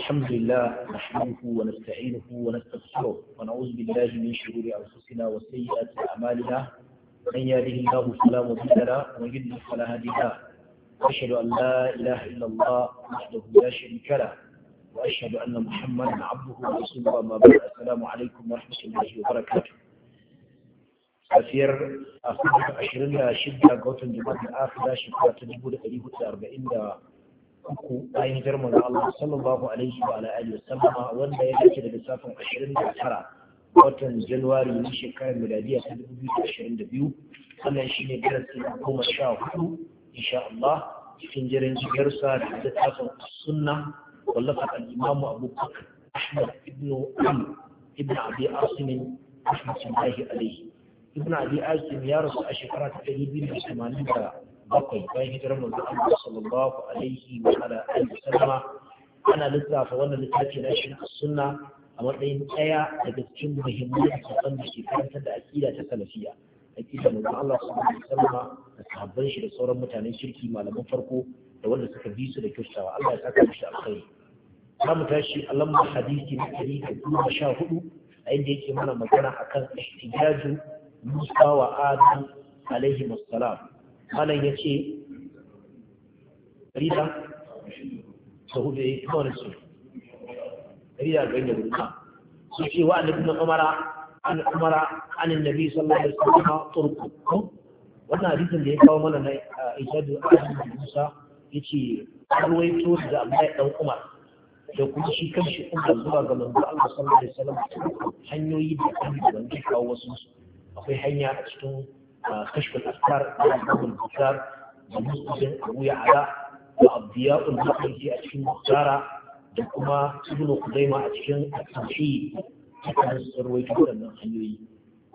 الحمد لله نحمده ونستعينه ونستغفره ونعوذ بالله من شرور انفسنا وسيئات اعمالنا من يهده الله فلا مضل له ومن يضلل فلا هادي له واشهد ان لا اله الا الله وحده لا شريك له واشهد ان محمدا عبده ورسوله اما بعد السلام عليكم ورحمه الله وبركاته كثير أخذ عشرين شدة قوتن جماعة الآخرة شكرا تجيب أليه أربعين uku bayan hijar Allah sallallahu alaihi wa alihi wasallam wanda ya dace da lissafin 29 watan Januwari na shekarar miladiya ta 2022 sannan shine darasi na goma sha hudu insha Allah cikin jirin jigarsa da littafin sunna wallafa al-imamu Abu Bakr Ahmad ibn Am ibn Abi Asim rahmatullahi alaihi ibn Abi Asim ya rasu a shekara ta 280 bakwai bayan hijirar manzo Allah sallallahu alaihi wa ala alihi sallama ana lissafa wannan littafi na shi sunna a matsayin ɗaya daga cikin muhimman littattafan da ke karantar da aƙida ta salafiya aƙida manzo Allah sallallahu alaihi sallama da sahabban shi da sauran mutanen shirki malaman farko da wanda suka bi su da kyautawa Allah ya saka mishi alkhairi za mu tashi a lambar hadisi na ɗari da goma sha hudu a inda yake mana magana akan ihtijaju Musa wa Adam alaihi salam malam ya ce rida da hudu ya kuma wani su rida ga yadda gudunar su ce wa annabi na umara an umara an annabi sallallahu alaihi wasallam turku wannan hadisin da ya kawo mana na ijadu ahmad musa yace to da Allah ya dan umar da kuma shi kanshi umar zuwa ga manzo Allah sallallahu alaihi wasallam hanyoyi da kan da kawo wasu akwai hanya a cikin كشف الأفكار وعبد البكار ومسلم أبو يعلى وأبدياء المقري أتشين مختارة وكما ابن قديمة أتشين التمحيد كان السروي من خيوي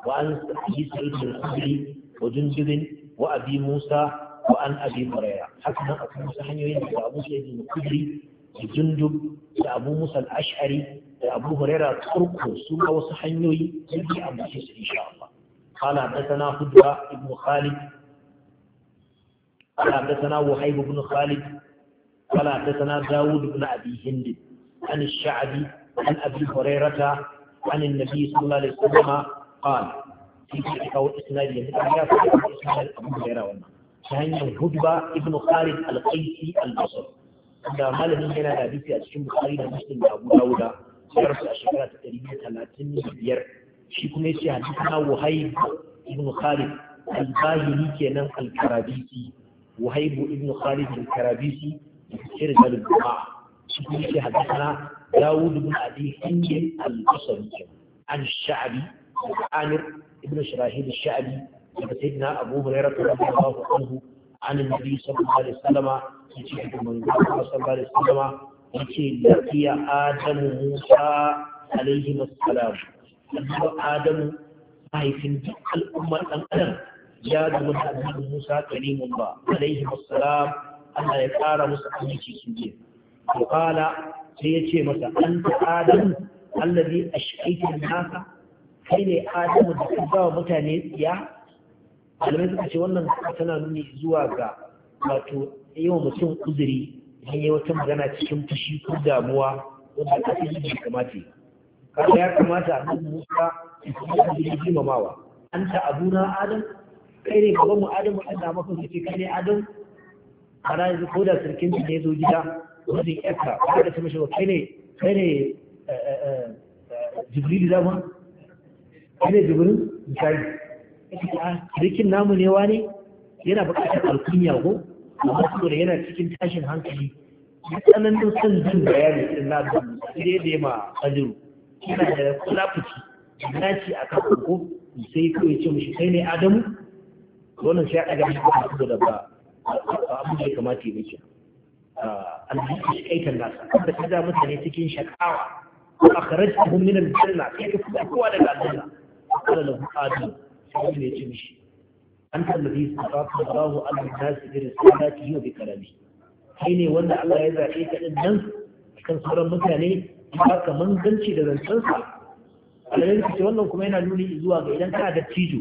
وأن أبي سعيد الخدري وجندب وأبي موسى وأن أبي هريرة حسنا أبو موسى حنيوي وأبو سعيد الخدري وجندب وأبو موسى الأشعري da abu huraira turku su ma wasu hanyoyi zai ambace su insha Allah قال حدثنا خدوة بن خالد قال حدثنا وهيب بن خالد قال حدثنا داود بن أبي هند عن الشعبي عن أبي هريرة عن النبي صلى الله عليه وسلم قال في ذلك الإسناد الأحياء وإسناد أبو هريرة كان هدبة ابن خالد القيسي البصري ان malamin yana da hadisi a cikin Bukhari da Muslim da Abu Dawud da yarsa a shi kuma yace hadithana ibn khalid al-bayni kenan al-karabisi wahaib ibn khalid al-karabisi sir al-bukha shi kuma yace hadithana daud ibn abi hanbal al-basri an sha'bi amir ibn shirahid al-sha'bi daga sayyidina abu hurairah radiyallahu anhu an nabi sallallahu alaihi wasallam yace da manzo sallallahu alaihi wasallam yace da ya adamu musa alaihi wassalam annabi adamu mahaifin duk al'ummar ɗan adam ya zama da annabi musa karimun ba alaihi wassalam Allah ya ƙara musu aminci su je to kala sai ya ce masa anta adamu allazi ashqaita naka? kai ne adamu da ka ba mutane tsiya malamai suka ce wannan tana nuni zuwa ga wato yi mutum uzuri idan yi wata magana cikin fushi ko damuwa wanda aka yi kamata kada ya kamata a nan musa ya girmamawa an ta na adam kai ne gaban mu adam an da maka su ce kai ne adam kana yanzu ko da sarkin ne ya zo gida wani yarka ba da ce shiga ba kai ne kai ne eh, eh, eh, jibril zama kai ne jibril misali ah, sarkin namu ne wani yana buƙatar alkunya ko amma saboda yana cikin tashin hankali tsananin son jin bayani irin na da ya ma ajiru yana da kulafuci ci a kan ko sai kawai ce shi. kai ne adamu wannan sai a ɗaga shi ba su da ba abin da ya kamata ya mace alhaji shi kan nasa da ka ga mutane cikin shakawa ko a karar cikin min aljanna sai ka fuka kowa daga aljanna kala da hukadu sai ne ce mishi an tallabi sabatu Allahu alal nasi bi yi wa bi karami kai ne wanda Allah ya zabe ka din nan kan sauran mutane haka manzanci da zancensa alayin ku ce wannan kuma yana nuni zuwa ga idan kana da tijo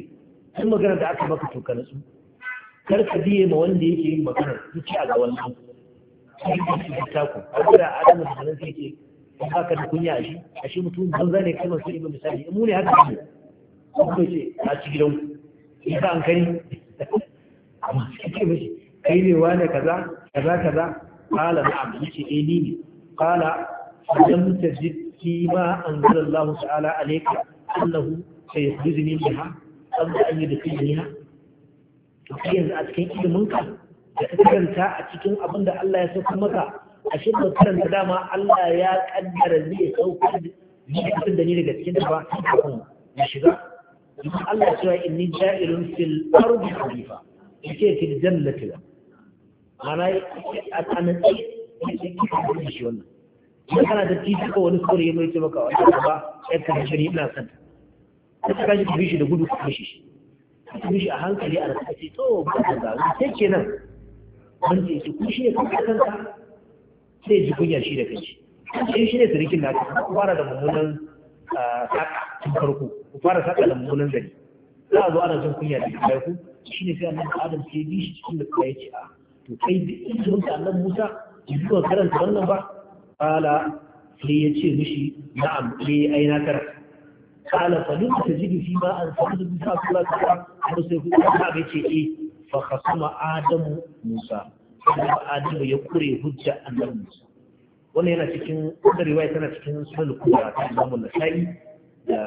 sun magana da aka maka toka nasu kar ka biye ma wanda yake yin magana maganar zuci a ga wannan sai ka ci ta ku har kira adamu da nan ke, ba haka da kunya shi a shi mutum banza ne kamar su ibn misali mu ne haka ne ko ko ce a ci gidan ku ita an kani amma sai ke mishi kai ne wane kaza kaza kaza na abu ce, eh ni ne qala lam tajid fi ma anzala Allah ta'ala alayka annahu sayakhdhuni biha qabla an yudkhilniha to kai yanzu a cikin ilimin ka da ka karanta a cikin abin da Allah ya sauka maka a shi ba karanta dama Allah ya kaddara zai saukar da ni daga cikin da ba kafin ya shiga Allah ya cewa inni ja'ilun fil ardi khalifa yake fil jannati mana a tsananci yake shi wannan in kana da titi ko wani saurayi mai ce maka wani ba ya kan shari ina son ta ta kashi ka bishi da gudu ka kashi shi ka bishi a hankali a rasa ce to ba ka zaru sai kenan wanda ya ce ku shi ne kanka kanka sai ji kunya shi da kanshi shi eh, shi ne sirikin na ka fara da mummunan ah, saka tun farko ku fara saka da mummunan zari za a zo ana jin kunya da kai ku shi ne sai annabi adam sai ya bishi cikin da kai ya ce a ah, to kai da ilimin da annabi Musa ki zuwa karanta wannan ba قال لي يجي ce نعم لي ne ai قال kara تجد fa duk ta jibi fi ma an sa'ad bin Abdullah ta har sai ku ta ce eh fa adamu musa adamu ya kure wannan cikin wannan riwaya tana cikin sunan kubra ta Imam Nasa'i da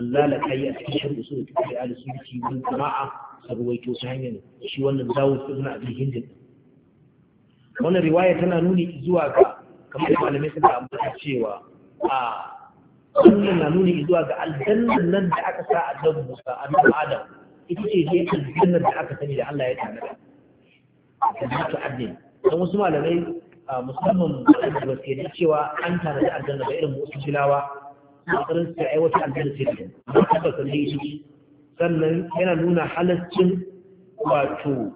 Allah la kai a cikin shirin usul da ahli sunni wal jama'a sarwaito ta hanyar shi wannan Dawud ibn Abi Hind wannan riwaya tana nuni zuwa ga kamar da malamai suka ambata cewa a wannan na nuni zuwa ga aljannan nan da aka sa a dan Musa a annabi Adam ita ce dai aljannan da aka sani da Allah ya tanada jannatu adnin dan wasu malamai musamman da ba su cewa an tanada aljanna ba irin musu filawa a tsarin su ai wata aljanna ce da ba ta ba sani shi sannan yana nuna halaccin wato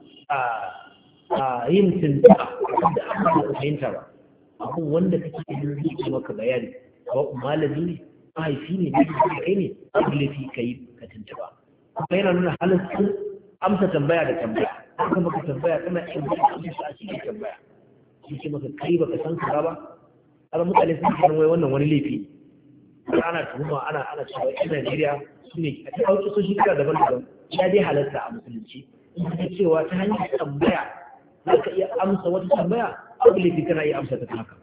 a yin tuntuɓa da aka fahimta ba abin wanda kake ganin zai ce maka bayani ko malami ne mahaifi ne da kai ne abu laifi ka yi ka tuntuba kuma yana nuna halittar amsa tambaya da tambaya haka maka tambaya kana iya mutu amsa a cikin tambaya shi ce maka kai baka san ka ba kaga mutane sun ce wai wannan wani laifi ne ana tuhuma ana ana cewa yan Najeriya su ne a cikin hausoshi kala daban-daban ya dai halatta a musulunci in ka cewa ta hanyar tambaya za ka iya amsa wata tambaya قبل في كنا أمسى تتحكم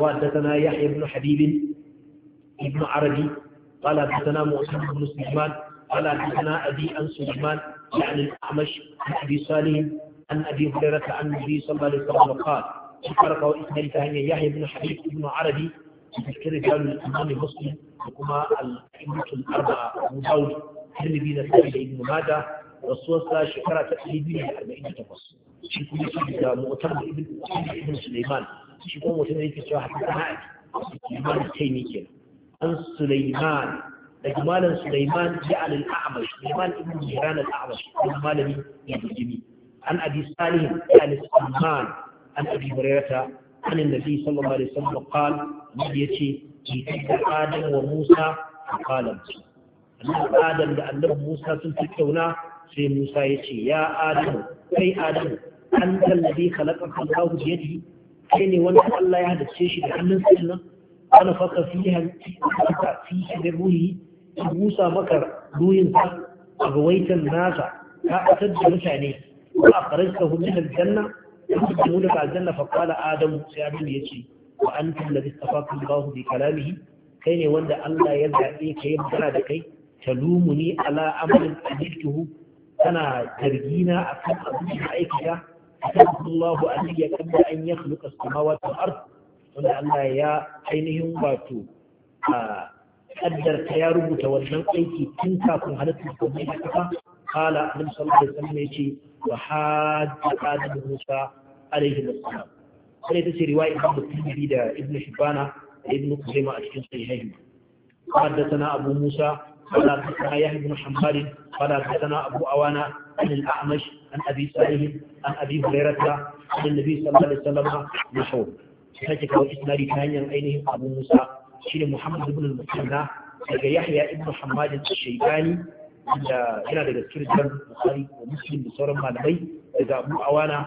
وحدثنا يحيى بن حبيب ابن عربي قال حدثنا مؤسس بن سليمان قال حدثنا أبي عن سليمان يعني الأعمش عن أبي صالح عن أبي هريرة عن النبي صلى الله عليه وسلم قال شكرك وإسماعيل فهي يحيى بن حبيب ابن عربي تذكر رجال الإمام المسلم وكما الأئمة الأربعة أبو داود ترمذي نسائي ابن ماجه رسول الله شكرا الأربعين تفصيل shi kuma shi da mu'tamar ibn Sulaiman shi kuma mutum yake cewa hadithana Sulaiman kai ne kenan an Sulaiman daga malam Sulaiman ya al amash Sulaiman ibn Mihran al-A'mash kuma malami ya bijimi an Abi Salih ya al-Sulaiman an Abi Hurairah an Nabi sallallahu alaihi wasallam qal nabi yace da Adam wa Musa qala Annabi Adam da Annabi Musa sun tattauna sai Musa yace ya Adam kai Adam an tallabi halakar Allah da yadi kai ne wanda Allah ya hadace shi da hannun sa nan ana faka fi fi da ruhi ya busa maka ruhin sa a gawaitan nasa ta atar da mutane ko a farista hujjar janna ya fi jimu daga aljanna fa kala adam sai abin ya wa an tallabi tafaka Allah bi kalamihi kai ne wanda Allah ya zaɓe kai yi magana da kai talumuni ala amalin ajirtuhu tana zargina akan abin da aikata أتاه الله أن يكب أن يخلق السماوات والأرض ولا الله يا عينهم باتوا قدر تيارب تولن أيكي تنكاكم هذا التسمية كفا قال من صلى الله عليه وسلم يشي وحاج آدم موسى عليه السلام sai ta ce riwaya Imam Tirmidhi da Ibn Hibban Ibn Khuzaimah a cikin sahihain حدثنا أبو موسى قال حدثنا يحيى بن حماد قال حدثنا أبو أوانا عن الأعمش عن أبي سعيد عن أبي هريرة عن النبي صلى الله عليه وسلم نحو سنة كو إسنادي ثانيا أينه أبو موسى شين محمد بن المثنى لقى يحيى ابن حماد الشيباني da yana daga cikin jan bukari da muslim da sauran malamai daga abu awana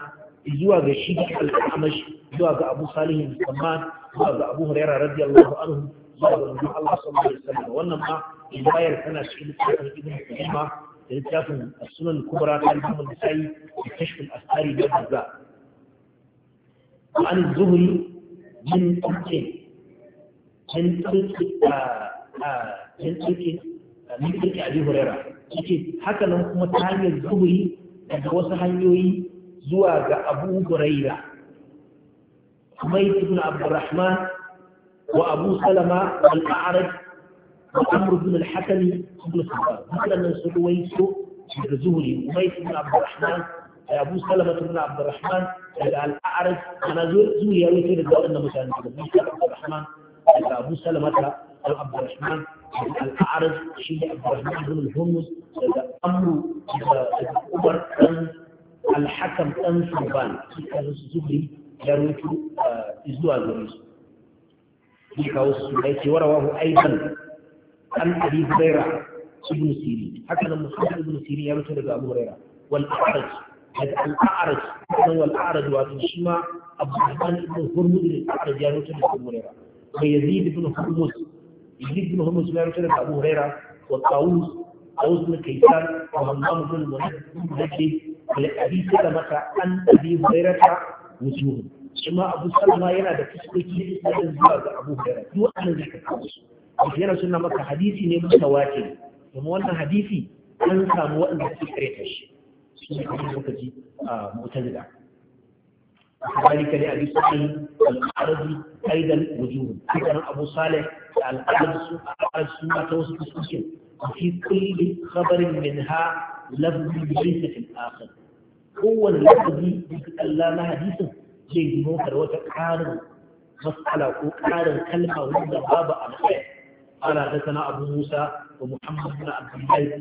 zuwa ga shi al-amash zuwa ga abu salihin musamman zuwa ga abu hurairah radiyallahu anhu zuwa ga manzon Allah sallallahu alaihi wasallam wannan ma tana cikin littafin ibn Qudama da littafin sunan kubra ta littafin da sai da kashfin asari da kaza an zuhuri jin tsirke jin jin min tsirke abi hurera yake haka nan kuma ta hanyar zuhuri daga wasu hanyoyi zuwa ga abu huraira kuma yi ibn abdurrahman wa abu salama al-a'raj وعمرو بن الحكم بن الخطاب من سرويس الزهري أميس بن عبد الرحمن أبو سلمة بن عبد الرحمن الأعرج أنا زهري يا ويتي للدواء إنه مثلا عبد الرحمن أبو سلمة عبد الرحمن الأعرج شيء عبد الرحمن بن الهمز أمر أمرو عمر الحكم أن ثوبان كان الزهري يروي آه، إزوا الزهري في كاوس سوريتي ورواه أيضا an abi huraira ibn siri haka nan muhammad ibn siri ya mutu daga abu huraira wal a'raj daga al a'raj nan wal a'raj wato shi ma abdurrahman ibn hurmuz al a'raj ya mutu daga abu huraira wa yazid ibn hurmuz yazid ibn hurmuz ya mutu daga abu huraira wa tawus tawus ibn kaysan wa hammam ibn munajjid da abi sallama an abi huraira abu yana da zuwa ga abu huraira duk annabi ka yana suna maka hadisi ne mutawatir kuma wannan hadisi an samu waɗanda su kareta shi su ne kuma muka ji a ذلك لأبي سعيد الأعرج أيضا وجوه أيضا أبو صالح الأعرج أعرج توسط السجن وفي كل خبر منها لفظ ليس في الآخر هو الذي يتكلم حديثه زي موكر وتقارن مسألة وقارن كلمة بابا باب الخير قال حدثنا أبو موسى ومحمد بن عبد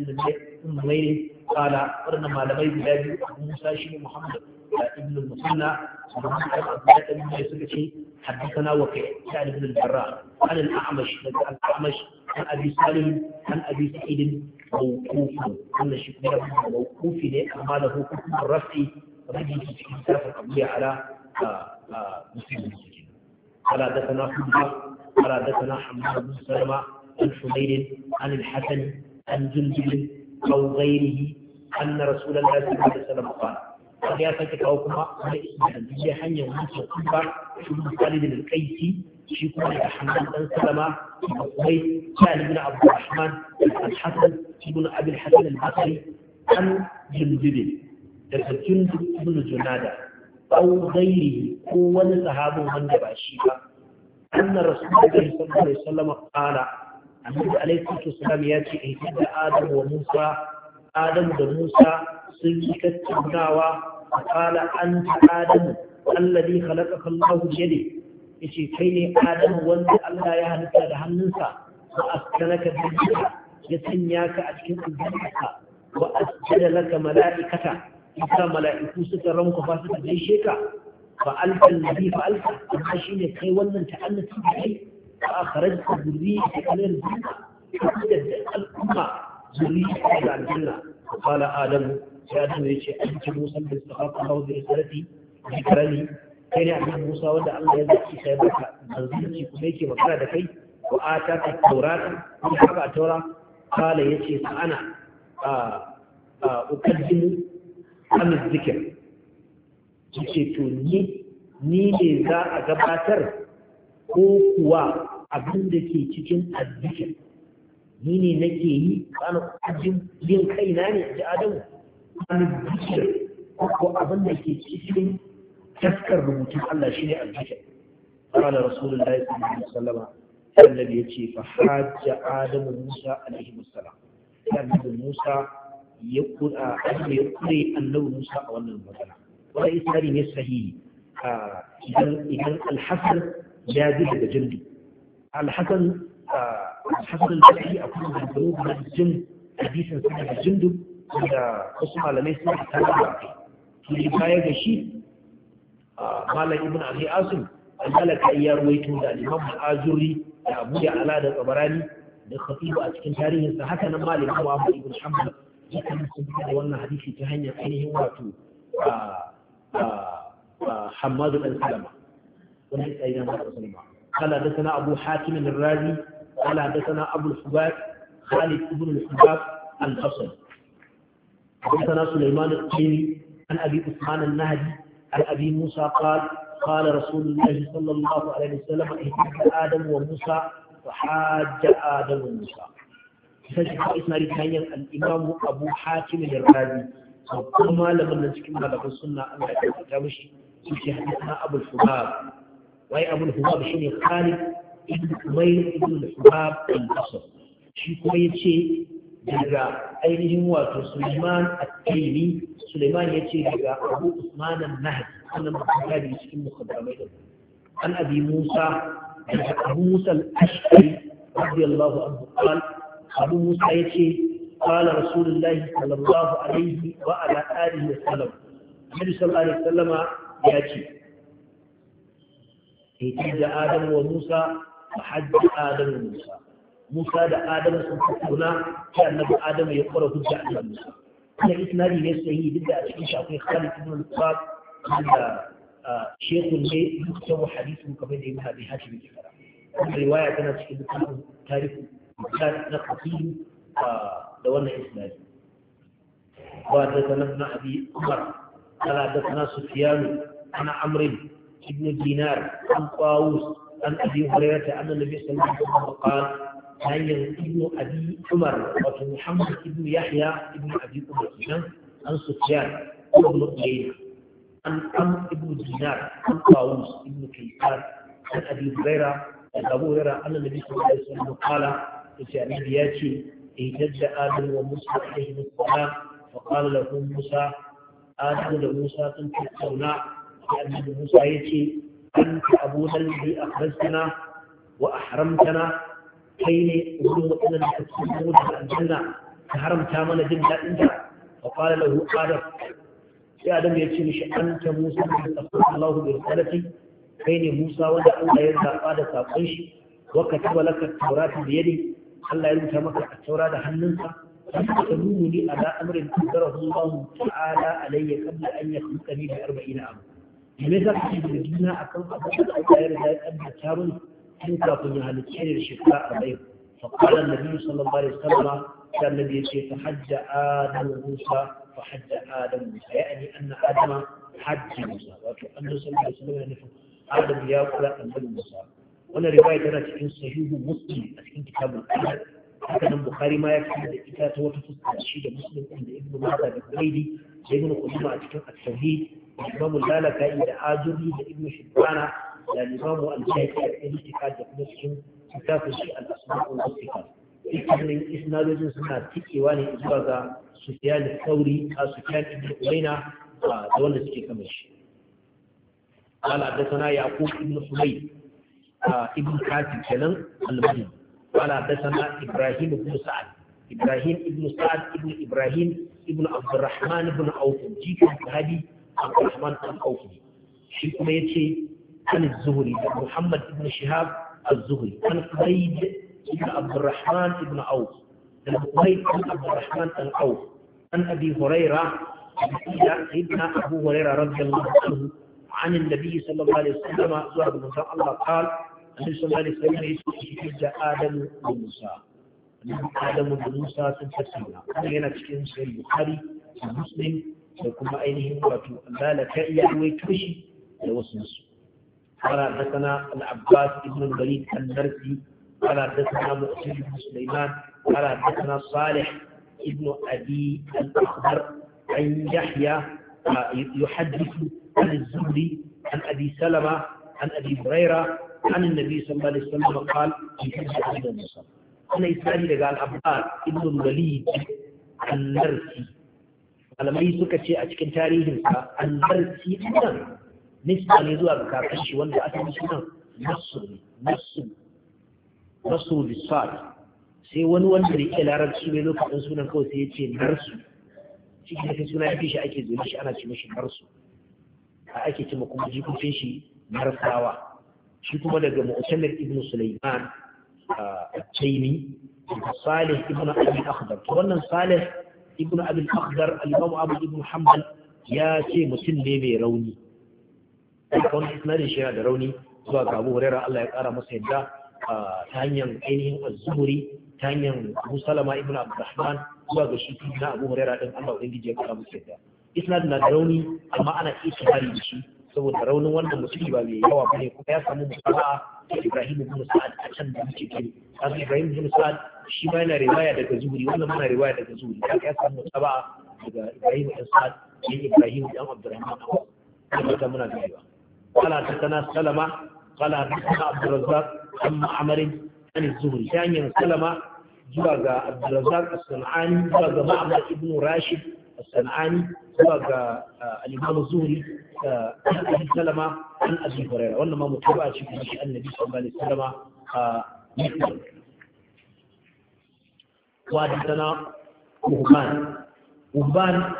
الله بن بن غيره قال قرن ما لبي بلادي أبو موسى شيخ محمد ابن المثنى ومحمد عبد الله بن يوسف حدثنا وكيع يعني بن البراء عن الأعمش عن الأعمش عن أبي سالم عن أبي سعيد موقوف أن شكرا موقوف لأما له حكم الرفع رجل في كتاب القضية على مسلم المسلمين قال حدثنا حجة قال حدثنا حماد بن سلمة عن حمير عن الحسن عن جندب أو غيره أن رسول الله صلى الله عليه وسلم قال قد يأتيك أو كما هي حنيا ومسلم كبر شبه خالد الكيسي shi kuma daga Hamdan dan Salama da Kuwai Sa'ad ibn Abdul Rahman Al-Hasan ibn Abi Al-Hasan al an Jundub daga Jundub ibn Junada aw ghairihi ko wani sahabin wanda ba shi ba أن رسول الله صلى الله عليه وسلم قال النبي عليه الصلاة والسلام يأتي إهتدى آدم وموسى آدم وموسى سيكة تبناوى فقال أنت آدم الذي خلقك الله بيده yace kai ne Adamu wanda Allah ya halitta da hannunsa wa askanaka bihi ya sanya ka a cikin aljanna wa asjada laka mala'ikata isa mala'iku ka فألقى الذي فألقى الحشين كي ولن تعلت بحي فأخرجت ذريتك على الجنة فوجد الأمة ذريتك على الجنة قال آدم يا آدم يا أنت موسى من استخلق الله برسالتي ذكرني kai ne abin musa wanda allah ya zaki sai baka manzanci kuma yake magana da kai ko a ta ka kuma haka taura kala ya ce sa'ana a zikir ce to ni ni ne za a gabatar ko kuwa abin da ke cikin addikin ni ne nake yi kana ajin yin kaina ne ji adamu kana ko abin da ke cikin taskar rubutun Allah shine addikin قال رسول الله صلى الله عليه وسلم الذي يجي فحاج آدم موسى عليه السلام كان موسى يقول أحد يقول النبي موسى أولا المدلع wa isnadi ne sahihi idan idan al ya ji daga jindi al-hasan al-hasan al-basri akwai maganganu guda da jindu da wasu malamai suna da tarihi su ne ga shi malam ibn abi asim al-malaka ya ruwaito da al-imam al-azuri da abu ala da tsabarani da khatibu a cikin tarihinsa hakanan nan malam abu ibn hanbal dukkan sun da wannan hadisi ta hanyar ainihin wato حماد بن سلمة وليس أين ما سلمة قال حدثنا أبو حاتم الرازي قال حدثنا أبو الحباب خالد بن الحباب الحصن حدثنا سليمان القيمي عن أبي عثمان النهدي عن أبي موسى قال قال رسول الله صلى الله عليه وسلم اهتدى آدم وموسى وحاج آدم وموسى تجد إسناد الإمام أبو حاتم الرازي babban malamin nan cikin malaman sunna Allah ya fita mishi shi ke na abul hubab wai abul hubab shine Khalid ibn Umayr ibn Hubab al-Asr shi kuma yace daga ainihin wato Sulaiman at-Taymi Sulaiman yace daga Abu Usman an-Nahdi wannan bukhari cikin mukaddamai da an abi Musa daga Abu Musa al-Ash'ari radiyallahu anhu qala Abu Musa yace قال رسول الله صلى الله عليه وعلى آله وسلم النبي صلى الله عليه وسلم يأتي احتج آدم وموسى وحج آدم وموسى موسى دا آدم سنتكونا كان نبي آدم يقرأ حجة على موسى أنا إسنادي ليس هي بدأ أشكي شعبي خالد بن القاب عند آه، شيخ لي يكتب حديث كفيد ابن أبي هاشم الكفارة الرواية كانت في تاريخ كان نقصيه آه، ا حدثنا ابن ابي عمر قال حدثنا سفيان عن عمرو بن دينار عن طاووس عن ابي هريره ان النبي صلى الله عليه وسلم قال هيا ابن ابي عمر وفي محمد بن يحيى ابن ابي عمر عن سفيان ابن عيينه عن عمرو بن دينار عن طاووس ابن كيسان عن ابي هريره عن ابو هريره ان النبي صلى الله عليه وسلم قال في ابياته اهتد آدم وموسى عليهم السلام فقال له موسى آدم لموسى تنتظرنا لأن موسى يتي أنت أبونا الذي أخرجتنا وأحرمتنا كي أبوه أن تكون الجنة فحرمت من جنة أنت فقال له آدم يا آدم يتي مش أنت موسى أخرج الله برسالتي كي موسى ولا أولى يرضى قال ساقيش وكتب لك التوراة بيدي الله يرمك مكة التوراة a taura da على أمر قدره الله تعالى علي قبل أن يخلقني بأربعين عاما لماذا لدينا أكن أبدا أكثر ذلك أبدا تارون إن كافنا عن الشير الشفاء عليه فقال النبي صلى الله عليه وسلم كان الذي يشير فحج آدم موسى فحج آدم موسى يعني أن آدم حج موسى وأن صلى الله عليه وسلم يعني آدم يا قرأ موسى wannan riwaya tana cikin sahihu muslim a cikin kitabul qadar haka nan bukhari ma ya da ita ta wata fuska shi da muslim din da ibnu mata da kuwaidi da ibnu qudama a cikin at-tauhid da lalaka'i da ajuri da ibnu shibbana da imamu al-shafi a cikin itikad da kuma cikin kitabun shi al-asma'u wa itikad isnadojin suna tikewa ne zuwa ga sufyan sauri a sufyan ibn uwaina da wanda suke kamar shi قال حدثنا يعقوب بن حميد آه، ابن كاتب كلام المهم قال حدثنا ابراهيم بن سعد ابراهيم بن سعد ابن ابراهيم ابن عبد الرحمن بن عوف جيك هذه عبد الرحمن بن عوف شي يتي عن الزهري محمد بن شهاب الزهري عن قبيد بن عبد الرحمن بن عوف عن قبيد بن عبد الرحمن بن عوف عن ابي هريره سيدنا ابو هريره رضي الله عنه عن النبي صلى الله عليه وسلم قال annabi sallallahu alaihi wasallam ya ce da Adam da Musa annabi Adam da Musa sun tattauna kuma yana cikin sahih Bukhari da Muslim da kuma ainihin wato zalaka iya ruwaito shi da wasu su قال حدثنا العباس بن الوليد النرسي قال حدثنا مؤسس بن سليمان قال حدثنا صالح ابن ابي الاخضر عن يحيى يحدث عن الزهري عن ابي سلمه عن ابي هريره عن النبي صلى الله عليه وسلم قال عند المصلى أنا إسرائيل لقى العباس ابن الوليد النرسي malamai suka ce a cikin tarihinsa albarci nan nisa ne zuwa ga kafin shi wanda aka yi sunan nasu sai wani wanda da yake larabci ne lokacin sunan kawai sai ya ce narsu shi ne sai suna yafi shi ake zuwa shi ana ce mashi narsu a ake ce kuma jikokin shi narsawa shi kuma daga mu'tamir ibn sulaiman al-taymi salih ibn abi akhdar to wannan salih ibn abi akhdar al-imam abu ibn hanbal ya ce mutum ne mai rauni kawai isnadin shi yana da rauni zuwa ga abu hurairah Allah ya kara masa yadda ta hanyar ainihin az-zuhri ta hanyar abu salama ibn abdurrahman zuwa ga shi na abu hurairah din Allah ubangiji ya kara masa yadda isnadin na da rauni amma ana iya kibari da shi saboda raunin wannan musulmi ba mai yawa bane kuma ya samu musaba da Ibrahim ibn Sa'ad a can da muke kai kaga Ibrahim ibn Sa'ad shi ma yana riwaya daga Zuhri wannan ma yana riwaya daga Zuhri kaga ya samu musaba daga Ibrahim ibn Sa'ad ne Ibrahim ibn Abdurrahman kuma ta muna Kala ta tatana salama kala ta tatana Abdurrazzaq amma amarin an Zuhri ta hanyar salama zuwa ga Abdurrazzaq as-Sun'ani zuwa ga Ma'mar ibn Rashid الصنعاني وقى آه، الإمام الزهري آه، أبي سلمة عن أبي هريرة وإنما متابعة شيء النبي صلى الله عليه وسلم آه، مثلا وحدثنا مهمان مهمان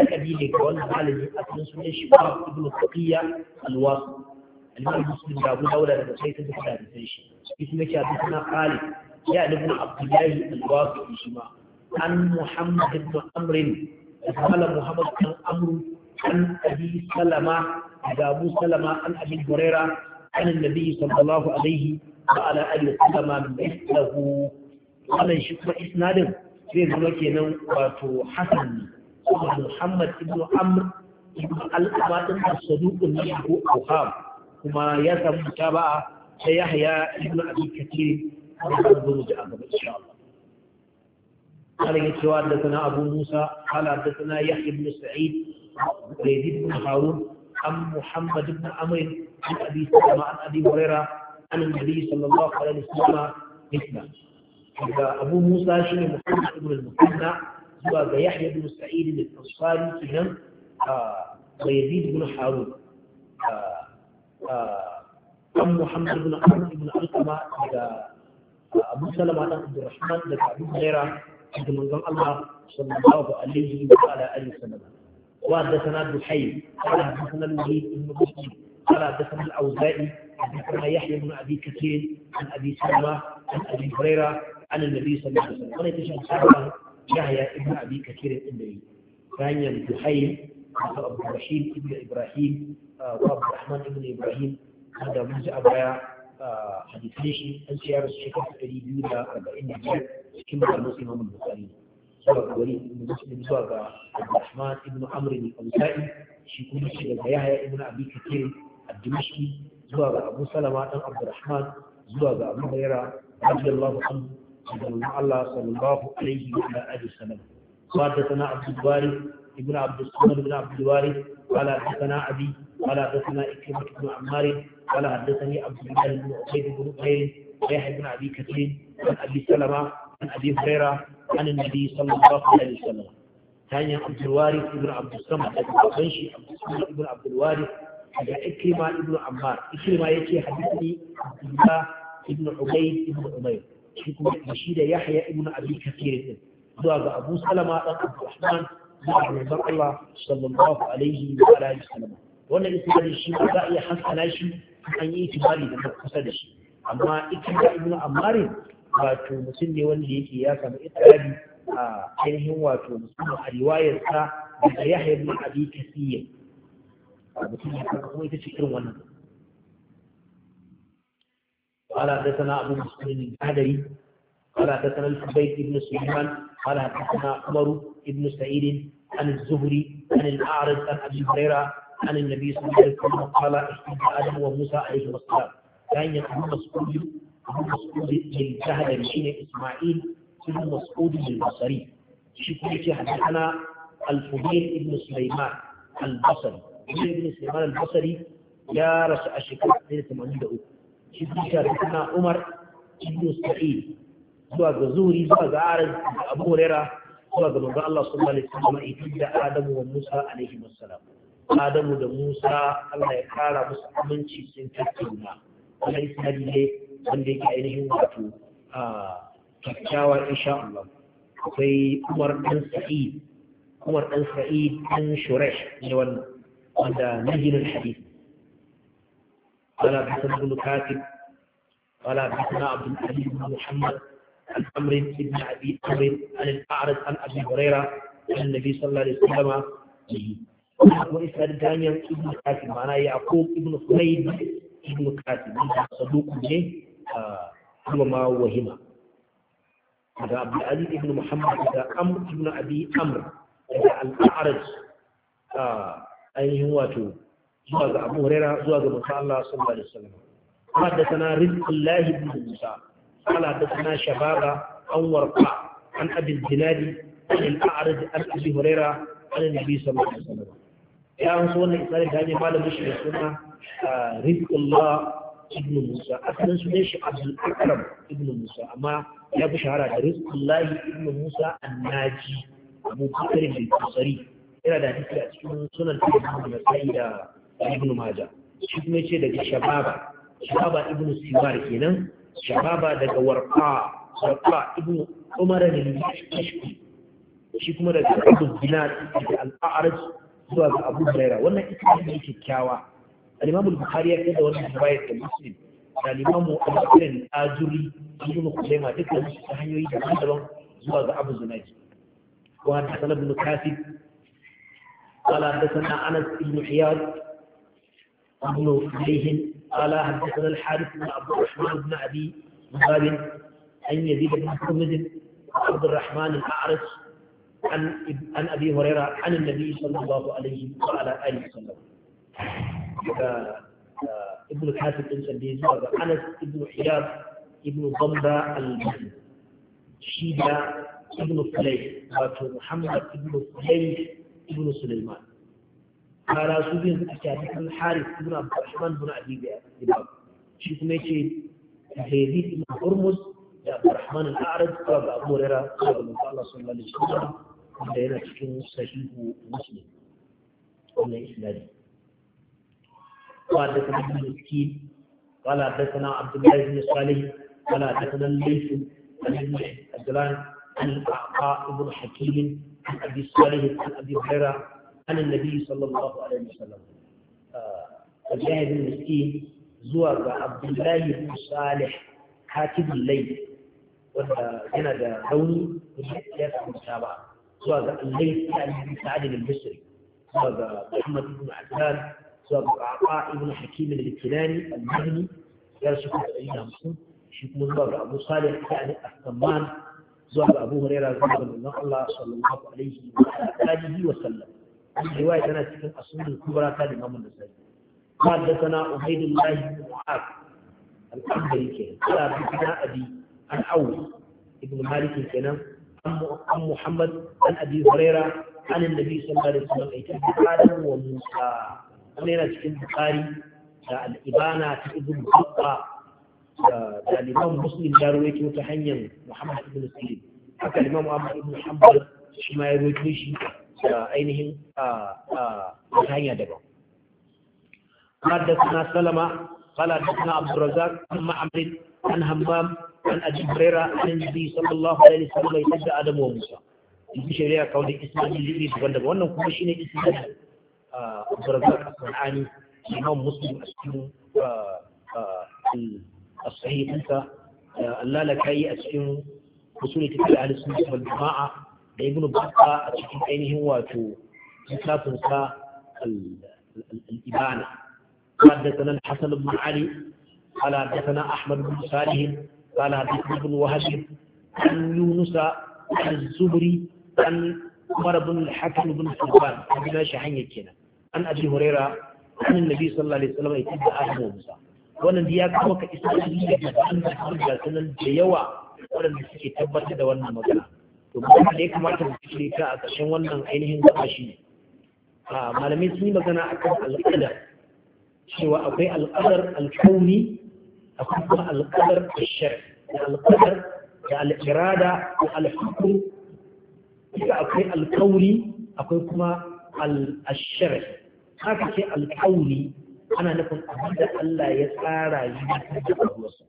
لقبي لك وانا على أصل سنة شباب ابن التقية الواصل الإمام مسلم أبو دولة لما شيء تدخل هذا الشيء اسمك حدثنا خالد يا ابن عبد الله الواصل في عن محمد بن عمرو قال محمد بن عمرو عن أبي سلمة إذا أبو سلمة عن أبي هريرة عن النبي صلى الله عليه وعلى آله وسلم مثله قال شكرا إسناد zai zama kenan wato Hassan ne kuma Muhammad ibn Amr ibn al-Abadin kuma ya samu taba'a ta Yahya ibn Abi Kathir da zai zo gaba قال يتوا ابو موسى قال حدثنا يحيى بن سعيد زيد بن هارون ام محمد بن أمير عن ابي سلمة عن ابي هريره عن النبي صلى الله عليه وسلم مثله أبو موسى شنو محمد بن المثنى هو يحيى بن سعيد الأنصاري كنم ويزيد آه، بن هارون آه، آه، أم محمد بن أمير بن أرقمة سلمة عن بن أبي هريرة الله صلى الله عليه وعلى اله وسلم وحدثنا ابن حي قال حدثنا المجيد بن مسلم قال حدثنا الاوزاعي حدثنا يحيى بن ابي كثير عن ابي سلمى عن ابي هريره عن النبي صلى الله عليه وسلم وليس تشهد يحيى بن ابي كثير الاندلسي ثانيا ابن حي ابو رشيد ابن ابراهيم آه، وابو الرحمن ابن ابراهيم هذا منزع ابو آه، حديث ليشي انسي ارس شكرا تريد يولا cikin malamin su imamu bukari zuwa ga wani ibn zuwa ga abdurrahman ibn amr ibn al-sa'i shi kuma shi daga yahya ibn abi kathir ad-dimashqi zuwa ga abu salama dan abdurrahman zuwa ga abu hurairah radiyallahu anhu daga Allah sallallahu alaihi wa alihi wasallam حدثنا عبد الباري ابن عبد الصمد بن عبد الوارث قال حدثنا ابي قال حدثنا اكرمه عن أبي هريرة عن النبي صلى الله عليه وسلم ثانيا عبد الوارث ابن عبد الصمد البنشي عبد الصمد ابن عبد الوارث حتى إكرمة ابن عمار إكرمة يتي حدثني عبد الله ابن عبيد ابن عمير شكو بشير يحيى ابن أبي كثير ذو أبو سلمة عبد الرحمن ذو الله صلى الله عليه وعلى وسلم wannan isnadin shi ba za a iya hankala shi an yi itibari da kusa da shi amma ikin da ibnu ammarin wato mutum ne wanda yake ya samu itrabi a ainihin wato musamman a riwayarsa daga yahya bin abi kasiyya mutum ya kaka kuma ita ce irin wannan قال حدثنا ابو مسلم البهدري قال حدثنا الحبيب بن سليمان قال حدثنا عمر بن سعيد عن الزهري عن الاعرج عن ابي هريره عن النبي صلى الله عليه وسلم قال احتج ادم وموسى عليه والسلام كان يقول مسؤول abu mas'ud bin shi ne isma'il ibn mas'ud al-basri shi kuma yake hadana al ibn sulaiman al-basri ibn sulaiman al basari ya rasu a shekarar 1983 shi kuma hadana umar ibn sa'id zuwa ga zuri zuwa ga aran da abu huraira zuwa ga manzo Allah sallallahu alaihi wasallam da Adamu wa Musa alaihi wassalam Adamu da Musa Allah ya kara musu aminci sun tattauna wannan isnadi ne wanda yake ainihin wato a kyakkyawar insha Allah akwai Umar dan Sa'id Umar dan Sa'id dan Shuraish ne wannan wanda nahin al-hadith qala hasan ibn Katib qala hasan Abd al-Aziz ibn Muhammad al-Amr ibn Abi Amr al-A'raj an Abi Huraira an Nabi sallallahu alaihi wasallam wa isa da Daniel ibn Katib mana ya ko ne kuma ma wahima daga abu ibn muhammad da amr ibn abi amr da al-a'raj a ainihin wato zuwa ga abu hurera zuwa ga musa allah sallallahu alaihi wasallam kuma da sana rizqullah ibn musa kala da sana shababa an warqa an abin dinadi an al-a'raj an abi hurera an nabi sallallahu alaihi wasallam ya an so wannan isalin da ya malamin shi da suna rizqullah ibn Musa asalin ne shi Abdul Akram ibn Musa amma ya fi shahara da Rizqullah ibn Musa An-Naji Abu Bakr bin Tusari yana da hadisi a cikin sunan Ibn Nasai da Ibn Majah shi kuma ce daga Shababa Shababa ibn Siwar kenan Shababa daga Warqa Warqa ibn Umar bin Ishqi shi kuma daga Abu Dinar da Al-A'raj zuwa ga Abu Hurairah wannan ita ne kyakkyawa الإمام البخاري يقول وانا رواية المسلم الإمام الأكرم آجري ابن خزيمة ذكر سهيو يدعون دبان زوا أبو زناجي وعن حسن بن كاسب قال حدثنا أنس بن حياد بن فليه قال حدثنا الحارث بن عبد الرحمن بن أبي مغاب أن يزيد بن حمد عبد الرحمن الأعرج عن عن أبي هريرة عن النبي صلى الله عليه وعلى آله وسلم آه، ابن الحاسب بن سلبيزي وابا انس ابن حياب ابن ضمبة المهدي شيبا بن فليح وابو محمد بن فليح بن سليمان قال سوبين الحارث ابن حارث ابن عبد الرحمن بن ابي بكر شيخ ميشي يزيد بن هرمز يا عبد الرحمن الاعرج وابا ابو هريره قال ابن صلى الله عليه وسلم وبين سكين صحيح مسلم ومن اسلامه وحدثنا ابن مسكين قال حدثنا عبد الله بن صالح قال حدثنا الليث عن ابن عجلان عن القعقاع بن حكيم عن ابي صالح عن ابي هريره عن النبي صلى الله عليه وسلم الجاهد المسكين زوى عبد الله بن صالح كاتب الليل wanda yana da rauni da ya samu saba zuwa ga allai ta alhaji sa'ad al-bisri zuwa ga ibn hakim al-kilani al-mahni ya hamsin shi kuma zuwa ga abu salih yani as-samman zuwa ga abu huraira zuwa ga manzon Allah sallallahu alaihi wa alihi wa sallam riwaya tana cikin asunan kubra ta da mamun nasari حدثنا عبيد الله بن معاذ الأنبري كان قال عن محمد عن عن النبي صلى الله عليه وسلم wanda yana cikin bukari da al'ibana ta ibn babba da daliban muslim ya rawaito ta hanyar muhammad ibn salim haka limamu ahmad ibn hanbal shi ma ya rawaito shi da ainihin wata hanya daban حدثنا سلمة قال حدثنا عبد الرزاق عن معمر عن همام عن أبي هريرة عن النبي صلى الله عليه وسلم يتبع آدم وموسى. في شريعة قول إسماعيل لإبراهيم وأنه كل شيء إسماعيل عبد آه، الرزاق السمعاني الامام مسلم اسكنوا آه، آه، الصحيح انت لا لك اي اسكنوا وصول كتاب اهل السنه والجماعه لابن بطه اسكن اينه واتو كتاب نساء الابانه حدثنا الحسن بن علي قال حدثنا احمد بن صالح قال حدثنا ابن وهب عن يونس عن الزبري عن عمر بن الحكم بن سلطان بن شحن كينا an abi hurera, an annabi sallallahu alaihi wasallam ya tada ahmu musa wannan ya kawo ka isa ne da wannan hujja sanan da yawa waɗanda suke tabbatar da wannan magana to kuma da ya kamata mu cire ta a ƙarshen wannan ainihin gaba shi malamai sun yi magana akan alƙadar cewa akwai alƙadar alƙauni akwai kuma alƙadar ashar da alƙadar da al'irada da alhukum duka akwai alƙauni akwai kuma al'ashar haka ce alƙawli ana nufin abin da Allah ya tsara yi a faruwarsa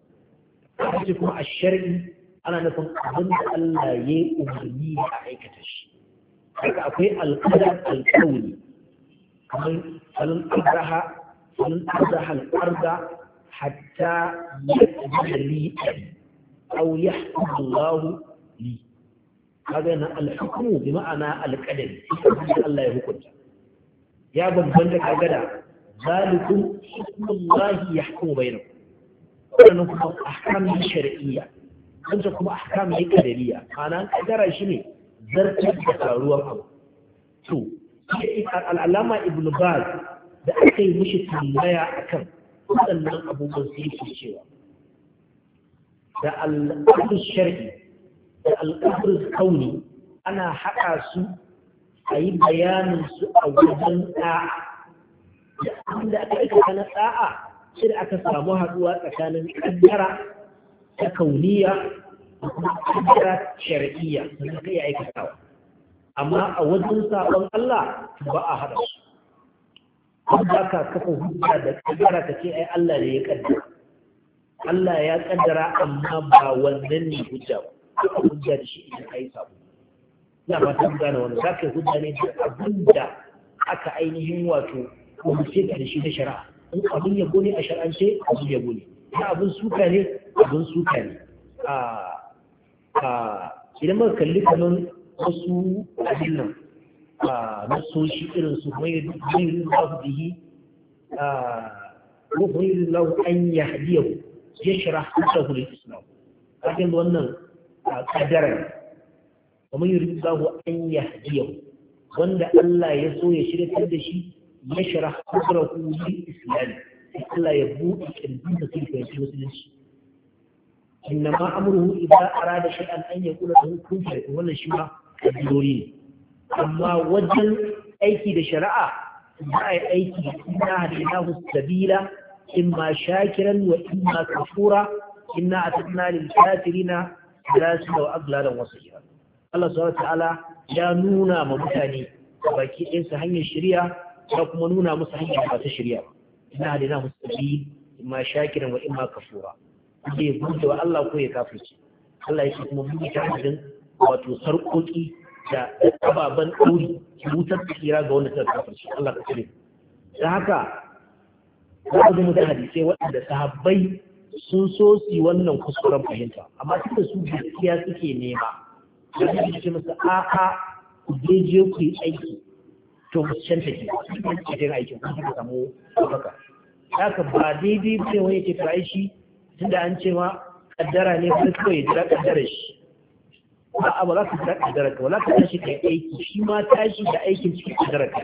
haka ce kuma a shari'i ana nufin abin da Allah ya yi umarni a aikata shi haka akwai alƙadar alƙawli kamar salon arzaha salon arzaha al'arza hatta yadda li أو يحكم الله ma'ana هذا الحكم da Allah ya hukunta. ya bambanta kaga da ya hukmullahi yahkumu bainakum wannan kuma ahkam ne shar'iyya wanda kuma ahkam ne kadariya ma'ana an kaddara shi ne zartar da faruwar abu to al'alama ibnu baz da aka yi mishi tambaya akan waɗannan abubuwan su cewa da al'adun shar'i da al'adun kauni ana haɗa su a yi bayanin su a wajen ɗa'a da abin da aka aikata na ɗa'a shi da aka samu haɗuwa tsakanin ƙaddara ta kauniya da kuma ƙaddara shari'iyya da ka iya aikatawa amma a wajen saɓon Allah ba a haɗa su ba ka kafa hujja da ƙaddara kace ce ai Allah ne ya ƙaddara Allah ya ƙaddara amma ba wannan ne hujja ba hujja da shi idan ka yi sabo na fata mu gane wannan yi hujja ne da abin da aka ainihin wato umarce ka da shi na shari'a in abin yabo ne a shari'ance abin yabo ne na abin suka ne abin suka ne idan muka kalli kanon wasu abin nan na soshi irin su yi lahu bihi ko mayurin lahu an yi hadiyar ya shara hasa hulun a kakin wannan kadara wa man yuridillahu an yahdiyahu wanda Allah ya so ya shirya da shi yashrah sadrahu lil islam Allah ya buɗe kirjin da sai ya musulunci إنما أمره إذا أراد شيئا أن يقول له كن فيكون ولا شيء الدورين أما وجل أيكي بشرعة لا أيكي إنا هديناه السبيل إما شاكرا وإما كفورا إنا أتتنا للكافرين سلاسل وأغلالا وصيا Allah subhanahu ta'ala ya nuna ma mutane baki ɗin hanyar shirya ya kuma nuna musu hanyar ba ta shirya ina da na musu ma shakiran wa imma kafura zai bude wa Allah ko ya kafirce Allah yake kuma mun ta hadin wato sarkoki da ababan Ki wutar tsira ga wanda suka kafirce Allah ka tsare da haka za ku mu da hadisai waɗanda sahabbai sun so su wannan kuskuren fahimta amma da su gaskiya suke nema da ya ce masa a'a ku je je ku yi aiki to ku canta ki ku je aikin kuma ku samu baka haka ba daidai ne wani ke fara shi tunda an ce ma kaddara ne sai kawai jira kaddara shi a'a ba za ka jira kaddara ka wala ka tashi kai aiki shi ma tashi da aikin cikin kaddara ka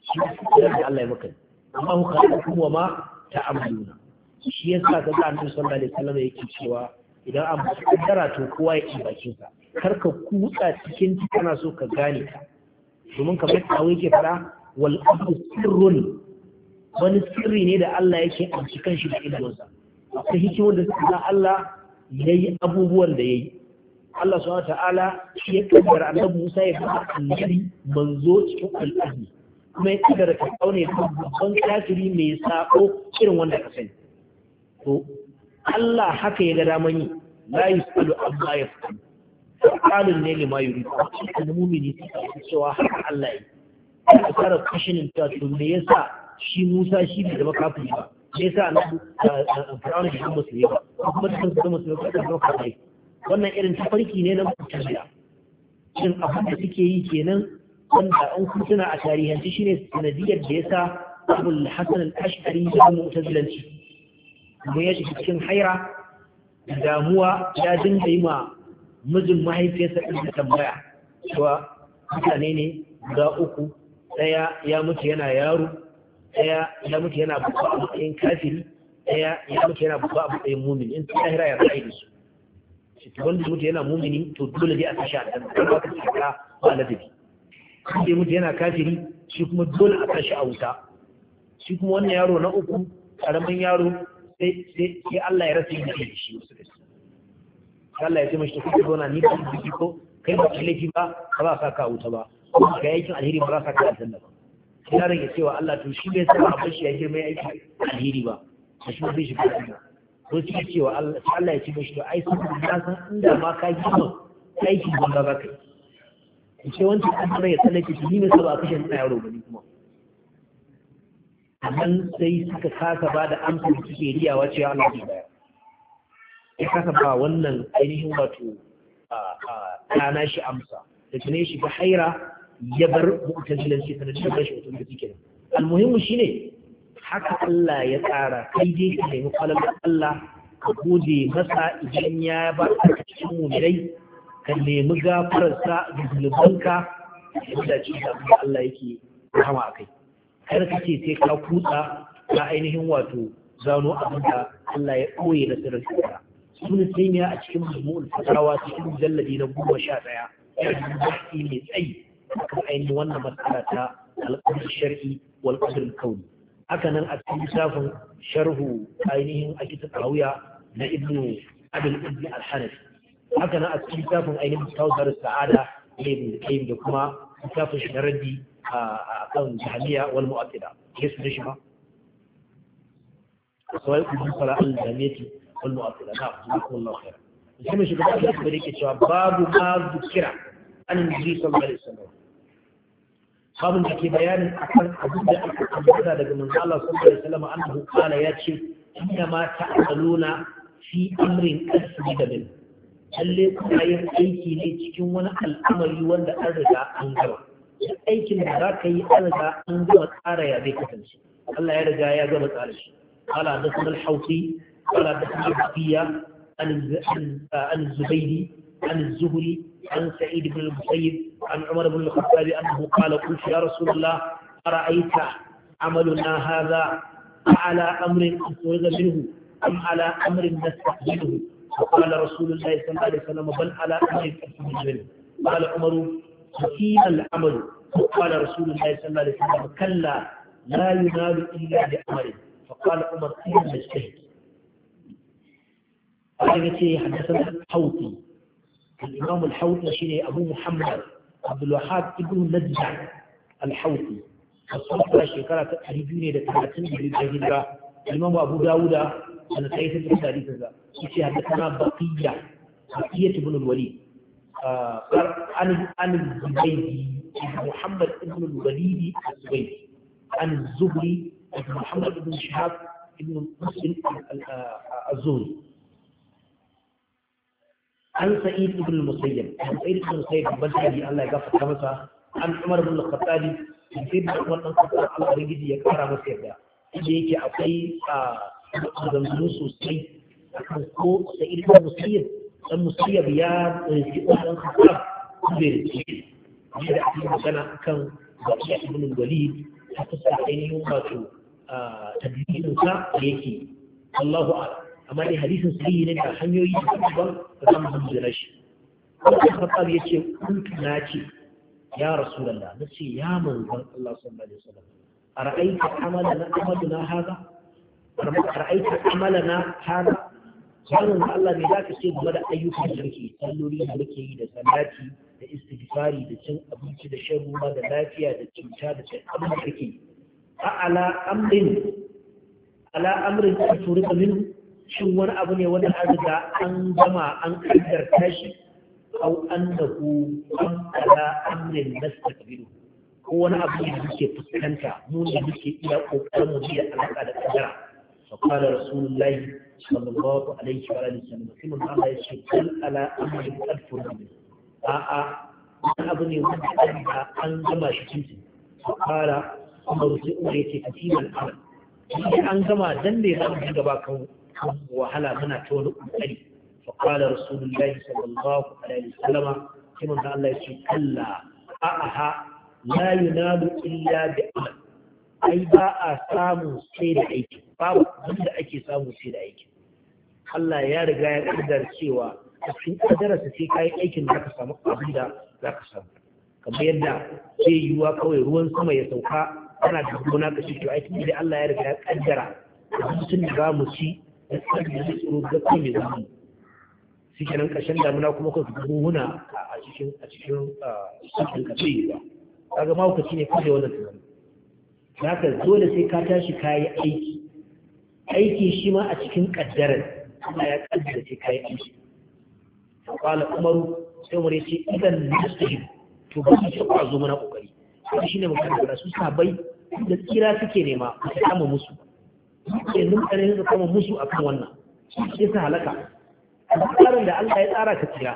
shi da Allah ya maka amma ku ka kuma ma ta'amuluna shi yasa ga annabi sallallahu alaihi wasallam yake cewa idan an ba dara to kowa ya ci bakin sa kar ka kutsa cikin kana so ka gane ka. domin kamar tawo yake fara wal abu sirrun wani sirri ne da Allah yake amshi kanshi da idonsa akwai hikimar da suka Allah yayi abubuwan da yayi Allah subhanahu ta'ala shi ya kaddara annabi Musa ya fara annabi manzo cikin al'ummi kuma ya kaddara ka kaune babban kafiri mai sako irin wanda ka sani to Allah haka ya ga daman yi la yusalu amma yaf'al qalun ne lima yuri al-mu'mini sai cewa haka Allah yi ya fara kashin ta to me yasa shi Musa shi bai zama kafin ba me yasa annabi eh, eh, Fir'aun bai zama musulmi ba kuma da kansa zama musulmi ba zama kafiri wannan irin tafarki ne na mutane shin abin da suke yi kenan wanda an kuntuna a tarihanci shine sanadiyar da ya yasa Abul Hasan al-Ash'ari da Mu'tazilanci idan ya shiga cikin haira damuwa ya dinga yi ma mijin mahaifiyarsa ɗin da tambaya cewa mutane ne ga uku ɗaya ya mutu yana yaro ɗaya ya mutu yana babba a matsayin kafiri ɗaya ya mutu yana babba a matsayin mumini in ta hira ya ta da su shi wanda mutu yana mumini to dole ne a kashe a dan ba ka tsaka ba ladabi wanda mutu yana kafiri shi kuma dole a kashe a wuta shi kuma wannan yaro na uku karamin yaro sai Allah ya rasa yin da shi wasu da su Allah ya ce mashi kuka zauna ni ba su ko kai ba ka laifi ba ba za ka ka wuta ba ga aikin alheri ba za ka ka aljanna ba yaron ya cewa Allah to shi bai saba abin shi ya girma ya aiki alheri ba a shi bai shi ba ko shi ya cewa Allah ya ce mashi to ai sun ka san inda ma ka girma aikin gamba ba kai ce wancan an ya tsallake shi ni mai saba kashe na yaro ba ni kuma a sai suka kasa ba da amsar suke riyawa cewa Allah bai bayar ya kasa ba wannan ainihin wato ɗana shi amsa da tunai shi ga haira ya bar mu'tazilan shi sanar da shi mutum da suke almuhimmu shine haka Allah ya tsara kai dai ka nemi kwalar Allah ka gode masa idan ya ba ka cikin mumirai ka nemi gafararsa da zulubanka da dace da Allah yake rahama a kai kar ka ce sai ka kutsa ka ainihin wato gano abin da Allah ya ɓoye na sirrin kasa Sun taimiya a cikin mazmu'ul fatawa cikin mujalladi na goma sha ɗaya ya yi baki mai tsayi akan ainihin wannan matsala ta alƙadar shar'i wal qadr kauni haka nan a cikin shafin sharhu ainihin a kitab rawiya na ibnu abin ibn al-hanafi haka nan a cikin shafin ainihin tawzar sa'ada ibn qayyim da kuma littafin shi na raddi a kan jami'a wal mu'attila ya su shi ba sawai ku ji fara al jami'ati wal mu'attila na zuwa Allah khair sai mai shugaba da kuma yake cewa babu ma zikira an ji sallallahu alaihi wasallam babun da ke bayanin akan abin da aka ambata daga manzo Allah sallallahu alaihi wasallam annahu qala ya ce inna ma ta'maluna fi amrin qasmi da min lalle kuna yin aiki ne cikin wani al'amari wanda an riga an gama aikin da za ka yi an riga an gama tsara ya zai kasance Allah ya riga ya gama tsara shi ala da sunan hausi ala da sunan hafiya an zubaidi an zuhuri an sa'id ibn al-musayyib an umar ibn al-khattab annahu qala qultu ya rasulullah ara'aita amaluna hadha ala amrin ukhrijna minhu am ala amrin nastaqbiluhu فقال رسول الله صلى الله عليه وسلم بل على أهل الجنة قال عمر حسين العمل فقال رسول الله صلى الله عليه وسلم كلا لا ينال إلا بعمل فقال عمر أين نجتهد قال حدثنا الحوطي الإمام الحوطي شيء أبو محمد عبد الوهاب ابن نجع الحوطي فصلت شكرا تقريبا 30 من الإمام أبو داود أنا سيد الحديث يشي حدثنا بقية بقية بن الوليد آه، عن عن الزبيدي محمد بن الوليد الزبيدي عن الزهري محمد بن شهاب بن مسلم آه، الزهري عن سعيد بن المسيب عن سعيد بن المسيب بن سعيد الله يغفر كمسا عن عمر بن الخطاب عن سعيد بن عمر بن الخطاب الله يجزي يكرم سيدا yake akwai a zanzu sosai akan ko da ilimin musayyib dan musayyib ya rinci ɗan khattab Kuma bai rinci shi ne da ake magana akan wasiya ibn walid ta fuska ainihin wato tabbidin sa da yake Allahu a'lam amma dai hadisin sahihi ne da hanyoyi daban da zamu hamdala shi Umar Khattab ce kuntu na ce ya Rasulullah ce ya manzon Allah sallallahu alaihi wasallam ara'aita amalana amaluna hada ara'aita amalana hada Wannan Allah ne za ka ce game da ayyukan sarki, salloli da muke yi da salati, da istighfari, da cin abinci, da shan ruwa, da lafiya, da cuta, da cin abin da kake yi. ala amrin ala amrin da turi min shin wani abu ne wanda an riga an gama an kaddarta shi au annahu an ala amrin nastaqbilu ko wani abu ne da muke fuskanta mu ne muke iya kokarin mu da alaka da kadara fa qala rasulullahi sallallahu alaihi wa alihi wasallam sai mun Allah ya ce kal ala amri alfur a a wani abu ne wanda an ga an gama shi cikin su fara kuma rufe umar yake tafiyar amal shi an gama dan ne za mu ji gaba kan wahala muna ta wani kokari fa qala rasulullahi sallallahu alaihi wasallam sai mun Allah ya ce kalla a a la yunalu illa bi amal ai ba a samu sai da aiki babu wanda ake samu sai da aiki Allah ya riga ya ƙaddar cewa a cikin su sai ka yi aikin da ka samu abin da za ka samu kamar yadda ke yiwuwa kawai ruwan sama ya sauka ana da gona ka shi to ai da Allah ya riga ya ƙaddara mutum da za mu ci da tsarin da tsoro da kuma mai zamu shi kenan ƙarshen damuna kuma ka zubo huna a cikin a cikin cikin ka ce yiwuwa kaga mahaukaci ne kaje wannan tunanin naka dole sai ka tashi ka yi aiki aiki shi ma a cikin ƙaddarar Allah ya kaddara sai kai aiki to kala umaru sai umar ya ce idan nasihim to ba su ce ku mana kokari to shine magana da su sabai da tsira suke nema a kama musu sai mun kare su kama musu akan wannan sai sa halaka tsarin da Allah ya tsara ka tsira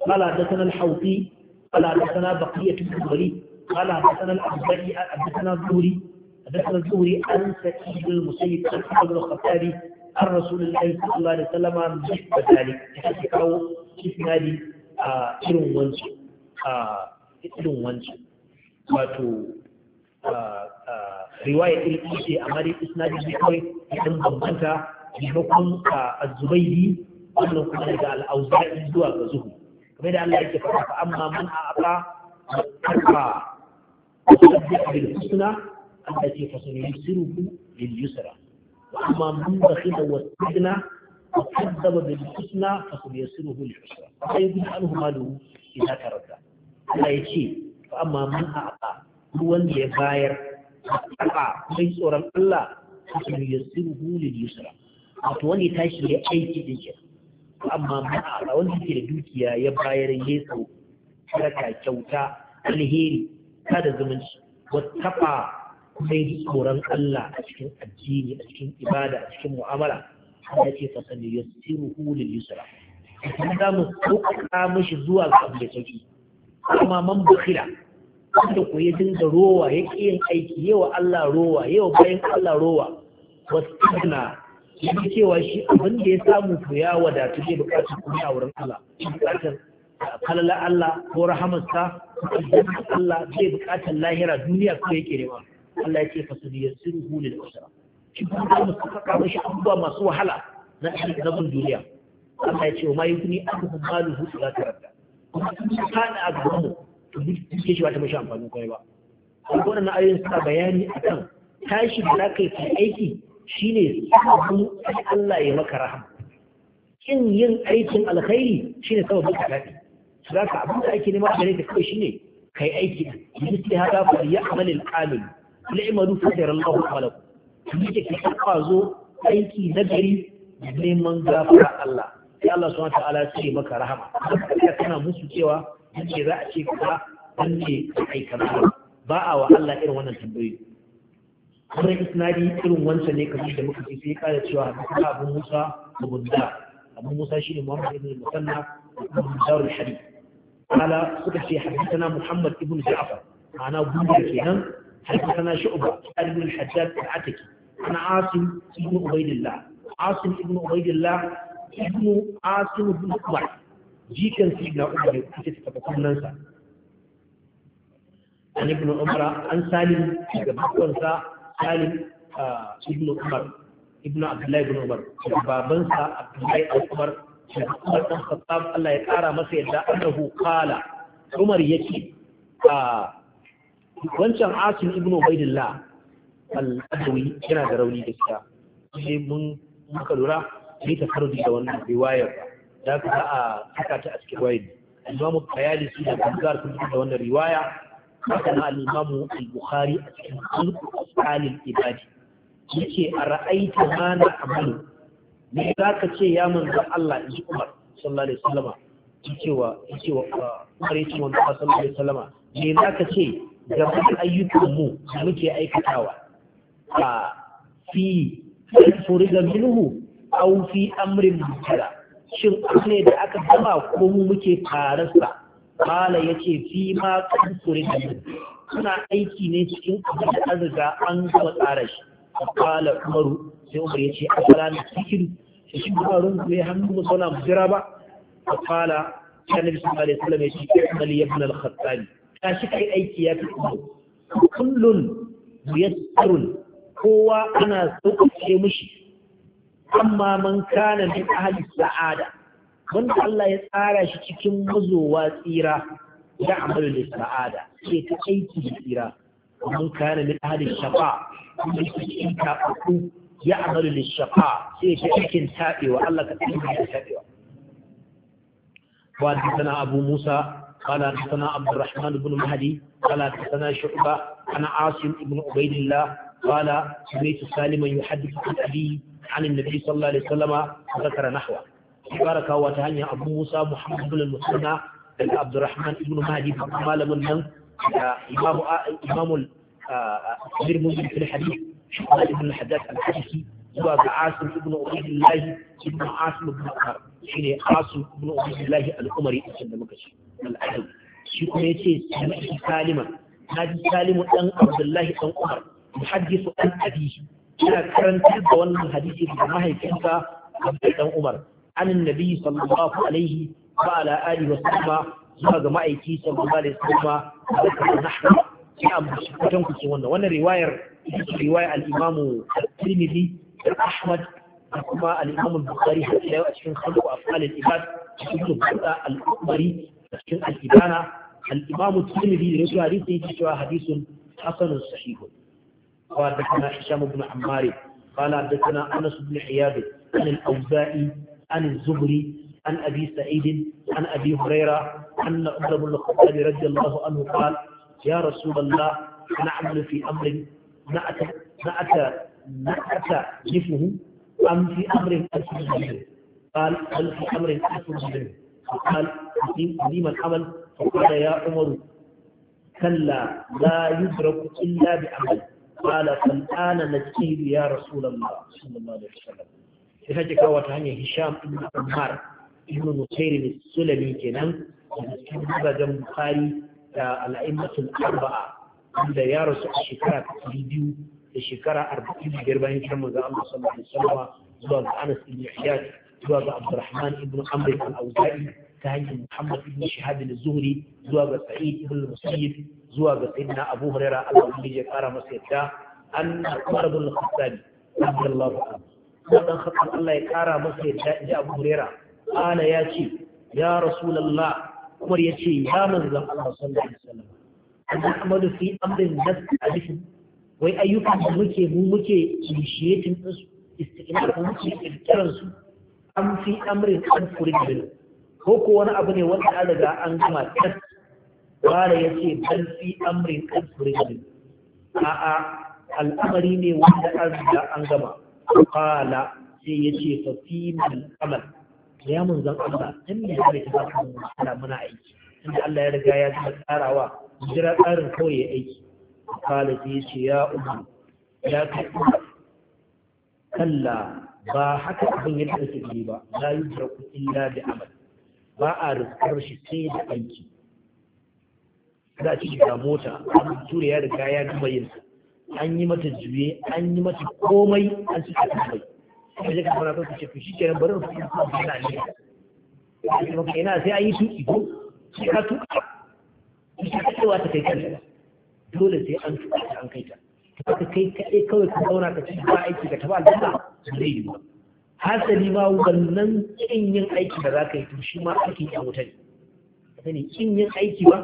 قال حدثنا الحوطي قال حدثنا بقية بن الوليد قال حدثنا الأبدعي حدثنا الزهري حدثنا الزهري عن سعيد المسيب عن عمر الخطابي an rasulullahi sallallahu alaihi wasallam bisa dalik ta kawo isnadi a irin wanci a irin wanci wato riwaya ilki ce amma dai isnadi ne kawai idan bambanta maimakon a zubaidi wannan kuma daga al'auza'i zuwa ga zuhu kamar da Allah yake faɗa fa amma man a aka karfa wasu da bil husna Allah ce fa sun yusiru lil yusra amma mun ba shi da wasu a kaddaba da bisna a su biya suru hulu a kai gudu an humalu ina karanta ana ya ce fa amma mun a aka ruwan da ya bayar a taɓa mai tsoron allah a su biya suru hulu da yusra a to wani tashi ya aiki din ke fa amma mun a ke da dukiya ya bayar ya tsoro kyauta alheri kada zumunci wata taɓa kuma yi tsoron Allah a cikin addini a cikin ibada a cikin mu'amala Allah yake fasali ya yassiruhu lil yusra kuma za mu sauƙaƙa mishi zuwa ga abu da sauƙi amma man bukhila wanda ko ya dinga rowa ya ƙi yin aiki yawa Allah rowa yawa bayan Allah rowa wasana ya cewa shi abin da ya samu to ya wadatu zai buƙatar kuma a wurin Allah buƙatar kalala Allah ko rahamarsa Allah zai buƙatar lahira duniya ko yake nema Allah ya ce fa sudiyassiruhu lil usra shi ba da mu saka mashi abubuwa masu wahala na cikin zaman duniya Allah ya ce wa mai kuni aka fa malu hu ila tarada kuma kun kana a gaban mu to duk kike shi ba ta mashi amfani kwaya ba wannan na ayoyin suna bayani akan tashi da za ka yi aiki shine sabon sai Allah ya maka rahama kin yin aikin alkhairi shine sabon ka dadi zaka abin da ake nema gare ka kai shine kai aiki da misali hada ku ya amalil alim la'imadu fadar Allah wa malaku yake ki kafa zo aiki na gari neman gafara Allah sai Allah subhanahu ta'ala ce maka rahama haka kana musu cewa yake za a ce ka wanne kai kana ba a wa Allah irin wannan tambayoyi wannan isnadi irin wancan ne kamar da muka ce sai kada cewa hadisi Abu Musa Bunda Abu Musa shine Muhammad ibn Musanna Abu Dawud al-Hadith قال سكت في حديثنا محمد ابن جعفر معناه بندر كينان حدثنا شعبة ابن الحجاج العتكي عن عاصم بن عبيد الله عاصم بن عبيد الله ابن عاصم بن عمر جيكا سيدنا عمر كنت تتكلم ننسى عن ابن عمر عن سالم جبابنسا سالم ابن عمر ابن عبد الله بن عمر جبابنسا عبد الله بن عمر عمر بن الخطاب الله يقرا مسا يدا انه قال عمر يكي آه wancan asim ibn ubaidillah al-adawi yana da rauni da gaskiya sai mun muka lura ne ta fardi da wannan riwayar da ka a saka ta a cikin riwayar imam bayani shi da kanzar sun da wannan riwaya haka na al imamu al-bukhari a cikin al al ibadi yace a ra'aita ma na amalu me zaka ce ya manzo Allah in ji Umar sallallahu alaihi wasallama yace wa yace wa Umar yace wa sallallahu alaihi wasallama me zaka ce game ayyukan mu da muke aikatawa a fi furiga minhu au fi amrin mutara shin ne da aka gama ko mu muke tarasa ya ce, fi ma kan furiga suna aiki ne cikin abin da an riga an gama tsara shi kala umaru sai umar yace a fara na cikin shi ba rungu ya hannu mu mu jira ba kala annabi sallallahu alaihi wasallam yace ibn al-khattabi tashi kai aiki ya fi kuma kullun muyassarun kowa ana sauƙaƙe mushi amma man kana min ahli sa'ada wanda Allah ya tsara shi cikin mazowa tsira da amalu da sa'ada ke ta aiki da tsira man kana min ahli shafa wanda ke cikin tafafu ya amalu da shafa sai ta aikin taɓewa Allah ka tsira da taɓewa wa sana abu musa قال حدثنا عبد الرحمن بن مهدي قال حدثنا شعبة عن عاصم بن عبيد الله قال سمعت سالما يحدث عن أبي عن النبي صلى الله عليه وسلم ذكر نحوه بارك وتهني أبو موسى محمد بن المثنى عبد الرحمن بن مهدي قال من من إمام إمام آه، آه، أمير المؤمنين في الحديث شعبة بن الحداد الحديثي هو عاصم بن عبيد الله بن عاصم بن عمر حين يعني عاصم بن عبيد الله الأمري أسلم da al'adam shi kuma ya ce sami'tu salima na ji salimu ɗan abdullahi ɗan umar muhaddisu ɗan abi yana karantar da wannan hadisi da mahaifinsa abdullahi ɗan umar an nabi sallallahu alaihi wa ala alihi wa sallama zuwa ga ma'aiki sallallahu alaihi wa sallama da nahwa sai an bashi kwatan kuce wannan wannan riwayar ita ce riwaya al-imamu al-tirmidhi da ahmad da kuma al-imamu al-bukhari har ila a cikin sallu afal al-ibad cikin al-bukhari cikin al-ibana al imamu tirmidhi da yake hadisi yake cewa hadisun hasanun sahih wa da kana hisham ibn ammar qala da kana anas ibn iyad an al-awza'i an az-zuhri عن أبي سعيد عن أبي هريرة أن عمر al الخطاب رضي الله عنه قال يا رسول الله نعمل في أمر نأتى نأتى نأتى جفه أم في أمر أسفل منه قال فقال عظيم العمل فقال يا عمر كلا لا يدرك إلا بعمل قال فالآن نجيب يا رسول الله صلى الله عليه وسلم sai kawo wata hanyar Hisham ibn Ammar ibn Nusair bin Sulami kenan da cikin mazajen Bukhari da al'immatul arba'a wanda ya rasu a shekara ta biyu da shekara arba'in da biyar bayan kiran manzon zuwa ga Anas zuwa ga Abdurrahman ibn Amr al-Awza'i ta hanyar Muhammad ibn Shihab al-Zuhri zuwa ga Sa'id ibn Musayyib zuwa ga Sayyidina Abu Huraira Allah ya kara masa yadda anna Umar ibn al-Khattab radiyallahu anhu wannan khattab Allah ya kara masa yadda ji Abu Huraira ana ya ce ya Rasulullah Umar ya ce ya manzon Allah sallallahu alaihi wasallam Ahmadu fi amrin nafs alifin wai ayyukan da muke mu muke initiating din su istiqlal muke kirkiran su an fi amrin an furid ko ko wani abu ne wanda an riga an gama tas wala yace an fi amrin an furid A'a a a al'amari ne wanda an riga an gama qala sai yace fa fi min amal ya mun zan amma dan ne kare ta ba mu muna aiki inda Allah ya riga ya ji tsarawa jira tsarin kawai ya aiki qala sai yace ya umma ya kai kalla ba haka abin yadda ake yi ba la yudraku illa bi amal ba a riskar shi sai da aiki za ci ga mota an tura ya riga ya gama yin an yi mata juye an yi mata komai an ci ta komai sai ya kafa na kanka ce shi shi kenan bari mu da ni sai ne kuma ina sai an yi su ido shi ka tu shi ka wa ta kai kanta dole sai an tuka ta an kai ta ka kai kaɗai kawai ka zauna ka ci ba aiki ka taba Allah zai ba hasali ma wannan kin yin aiki da za ka yi shi ma aiki da wuta ne sani kin yin aiki ba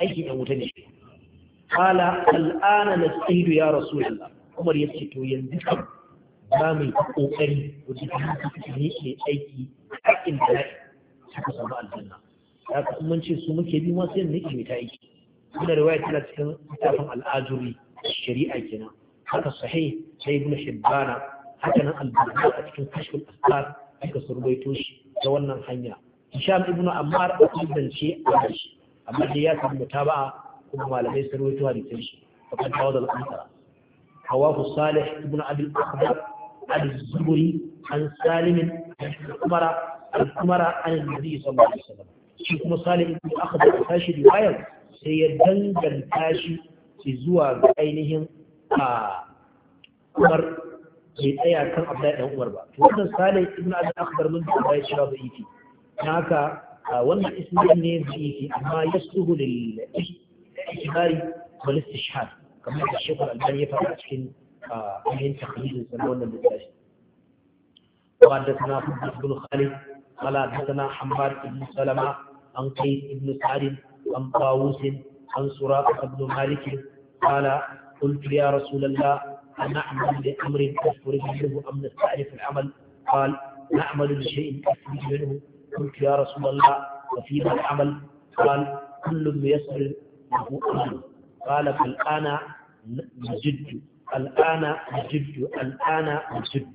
aikin yan wuta ne qala al'ana nastahidu ya rasulullah umar yace to yanzu kam ba mai kokari wajen ne ne aiki aikin da na'i suka samu aljanna ya ka kuma ce su muke bi ma sai ne ke ta aiki wannan riwaya tana cikin littafin al'ajuri shari'a kenan haka sahih sai ibn hibbana haka nan albani a cikin kashfin asar suka surbaito shi ta wannan hanya hisham ibnu ammar a kudance a shi amma dai ya samu mutaba'a kuma malamai sun rawaito hadisin shi fakan tawada al-ansara hawahu salih ibn abi al-akhdar al-zuhri an salim al-umara al-umara an nabi sallallahu alaihi wasallam shi kuma salih ibn al ta tashi riwayar sai ya danganta shi zuwa ga ainihin a umar bai tsaya kan Abdullahi dan Umar ba wannan Salih ibn Abi Akbar mun da ya shira da yake haka wannan isnad ne da yake amma yasluhu lil ijtihari wal istishhad kamar da Sheikh Al-Albani ya faɗa cikin ayin takhlidin sa wannan littafi وحدثنا حدث بن خالد قال حدثنا حماد بن سلمة عن قيس بن سعد عن طاووس عن سراقة بن مالك قال قلت يا رسول الله نعمل لأمر أسفر منه أم نستعرف العمل قال نعمل لشيء أسفر منه قلت يا رسول الله وفيما العمل قال كل ميسر له أمر قال فالآن نجد الآن نجد الآن نجد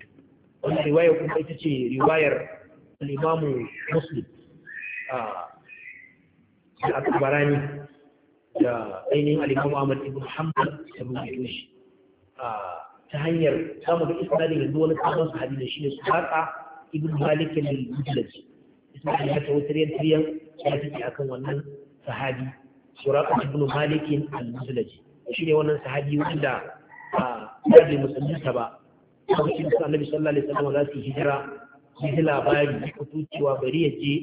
والرواية كما تتشي رواية الإمام مسلم آه. da ainihin al'imamu الإمام ibn بن da rubutu shi ta hanyar samun isnadin yanzu wani sabon sahabi ne shine su haka ibn malik al-mujlaj isnadin ya tawo tariyan tariyan ya tafi akan wannan sahabi suraka ibn malik al shi ne wannan sahabi wanda ya bai musulunta ba lokacin su annabi sallallahu alaihi wasallam za su hijira ya ji labari ko cewa bari ya je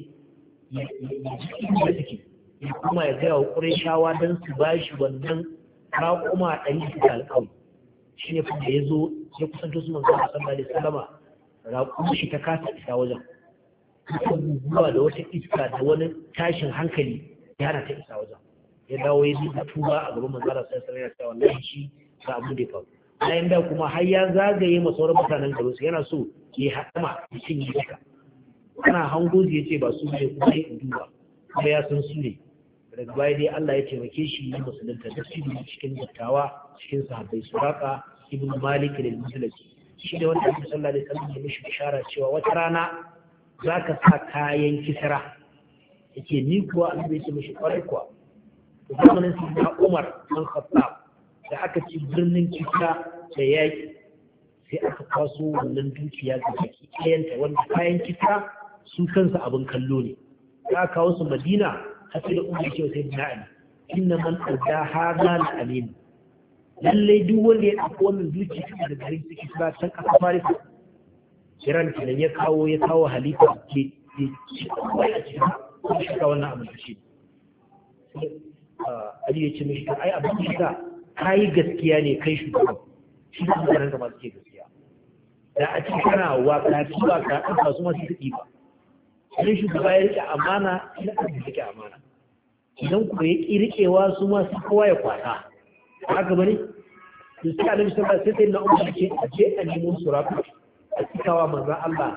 ya ji inda suke ya kuma ya gaya wa shawa don su bashi wannan ta kuma a ɗari da alƙawari shi ne kuma ya zo ya kusanto su zuwa a sallallahu da salama raƙon shi ta kasa isa wajen kusan guguwa da wata iska da wani tashin hankali ya na ta isa wajen ya dawo ya zuba tuba a gaban manzo sai sallallahu alaihi wasallama wallahi shi ga abu da ya faru bayan da kuma har ya zagaye ma sauran mutanen garin su yana so ya haɗama ya cinye duka ana hango ya ce ba su ne kuma ya duba kuma ya san su ne daga baya dai Allah ya taimake shi musulunta da su cikin dattawa cikin sahabbai suraka ibn malik da musulunci shi da wanda aka sallah da sallah da mishi bishara cewa wata rana za ka sa kayan kisra yake ni kuwa an zai ce mishi kwarai kuwa zamanin su na umar an khattab da aka ci birnin kisra da yaƙi sai aka kwaso wannan dukiya ga baki ɗayanta wanda kayan kisra su kansa abin kallo ne ka kawo su madina har da umar cewa sai na ali inna man adda hada al-amin lallai duk wanda ya ɗauko wannan zuci da garin suke suna can ƙasa farisa kiran kenan ya kawo ya kawo halifa ke ke ci kawai a cikin kuma shaka wannan abin da shi Ali ya ce mishi ai abin da ka kai gaskiya ne kai shugaban shi ka mutanen ka ba su ke gaskiya da a cikin kana waka ci ba ka ɗan ba su ma su ta ɗiba sai shugaba ya rike amana ina ka da amana idan ku ya ƙi riƙewa su ma su kowa ya kwata haka bane to sai annabi sallallahu alaihi wasallam na umar ce a je a nemo suraka a cikawa manzon Allah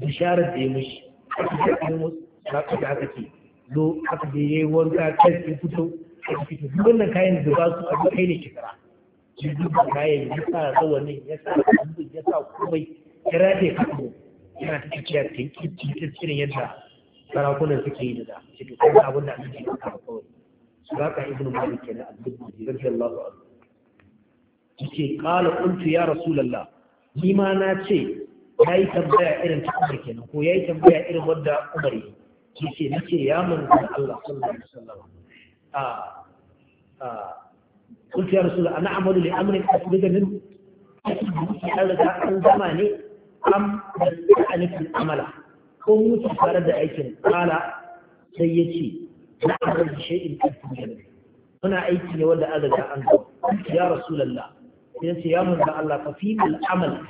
bisharar da ya mishi a cikin nemo suraka da aka ce zo aka je yayi wanka kai ki fito ka fito duk wannan kayan da ba su a kai ne kira shi duk kayan ya sa rawanin ya sa abin ya sa komai ya rataye kanmu yana ta tafiya ta yi cikin yadda sarakunan suke yi da da cikin abin da ake yi a kawai. Suraka Ibn Malik kenan a duk da yake qala qultu ya rasulullah ni ma na ce yayi tambaya irin ta Umar kenan ko yayi tambaya irin wanda Umar yi yace nace ya manzon Allah sallallahu alaihi wasallam a a qultu ya rasulullah ana amalu li amrin asbiga min an riga an zama ne am da ta'anifin amala ko mutu tare da aikin kala sai ya ce na abin da shai'in ƙarfi ne muna aiki ne wanda an riga an zama ya rasulallah ya ce ya manzo Allah fa fi al amal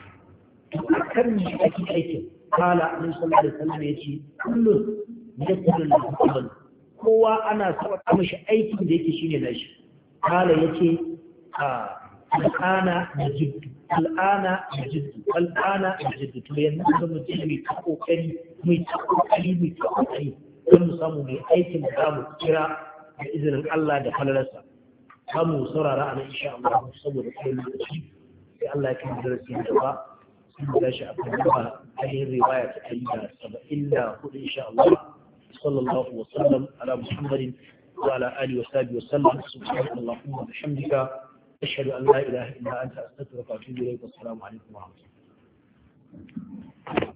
to akan ni ake aikin kala annabi sallallahu alaihi wasallam ya ce kullun yasulu al amal kowa ana sauka mishi aiki da yake shine nashi kala yace a al'ana najiddu al'ana najiddu al'ana najiddu to yanzu da mutum mai ta kokari mai ta kokari mai ta kokari don mu samu mai aikin da mu kira da izinin Allah da falalarsa kamu saurara a nan insha Allah saboda kai lokaci sai Allah ya kai darasi da ba sun da shi a kan ba ainihin riwaya ta kai da saba'in da hudu insha Allah sallallahu wa sallam ala muhammadin wa ala alihi wa sahbihi wa sallam subhanahu wa ta'ala wa bihamdika ashhadu an la ilaha illa anta astaghfiruka wa atubu ilayk assalamu alaikum wa rahmatullahi